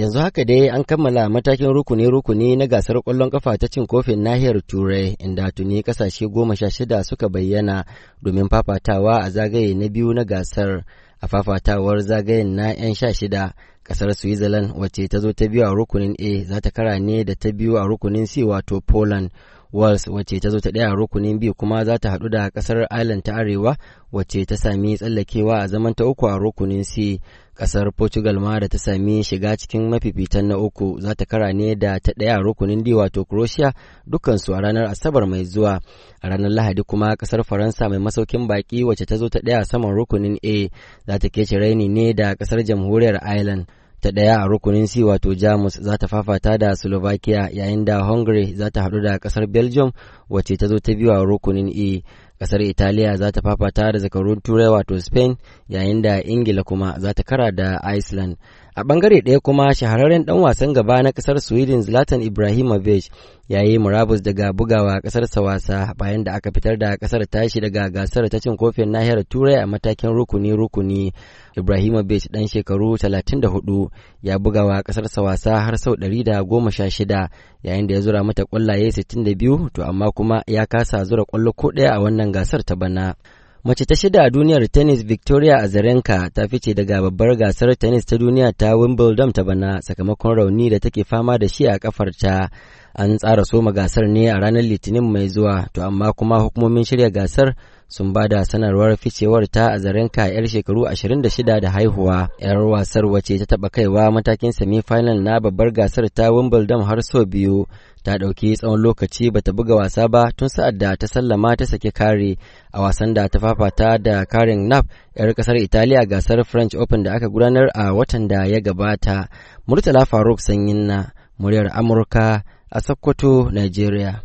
Yanzu haka dai an kammala matakin rukuni-rukuni na gasar kwallon kafa ta cin kofin nahiyar Turai inda tuni kasashe goma sha shida suka bayyana domin fafatawa a zagaye na biyu na gasar. A fafatawar zagayen na 'yan sha shida, kasar Switzerland wacce ta zo ta biyu a rukunin A za ta kara ne da ta biyu a rukunin C wato Poland. Wales wace ta zo ta ɗaya rukunin biyu kuma za ta haɗu da kasar Ireland ta Arewa wace ta sami tsallakewa a zaman ta uku a rukunin C. kasar Portugal ma da ta sami shiga cikin mafifitan na uku za ta kara ne da ta ɗaya rukunin D wato Croatia dukansu a ranar Asabar mai zuwa. A ranar Lahadi kuma ƙasar Faransa mai masaukin baki wace ta zo ta daya saman rukunin A za ta kece raini ne da ƙasar Jamhuriyar Ireland. ta ɗaya a rukunin C wato Jamus za ta fafata da Slovakia yayin da Hungary za ta haɗu da ƙasar Belgium wacce ta zo ta biyu a rukunin E. kasar italiya za ta fafata da zakarun turai wato spain yayin da ingila kuma za ta kara da iceland a bangare ɗaya kuma shahararren ɗan wasan gaba na kasar sweden zlatan ibrahimovic ya yi murabus daga bugawa kasar wasa bayan da aka fitar da kasar tashi daga gasar ta cin kofin nahiyar turai a matakin rukuni rukuni ibrahimovic dan shekaru 34 ya bugawa kasar wasa har sau 116 yayin da ya zura mata kwallaye 62 to amma kuma ya kasa zura kwallo ko ɗaya a wannan gasar ta bana. Mace ta shida a duniyar tennis Victoria Azarenka ta fice daga babbar gasar tennis ta duniya ta Wimbledon ta bana sakamakon rauni da take fama da shi a kafarta an tsara soma gasar ne a ranar litinin mai zuwa to amma kuma hukumomin shirya gasar sun ba da sanarwar ficewar ta a zarenka yar shekaru 26 da haihuwa yar wasar wace ta taba kaiwa matakin semifinal na babbar gasar ta wimbledon har sau biyu ta ɗauki tsawon lokaci ba ta buga wasa ba tun sa'ad da ta sallama ta sake kare a wasan da ta fafata da karen nap yar kasar italiya gasar french open da aka gudanar a watan da ya gabata murtala faruk sanyin na muryar amurka a Sokoto, Nigeria.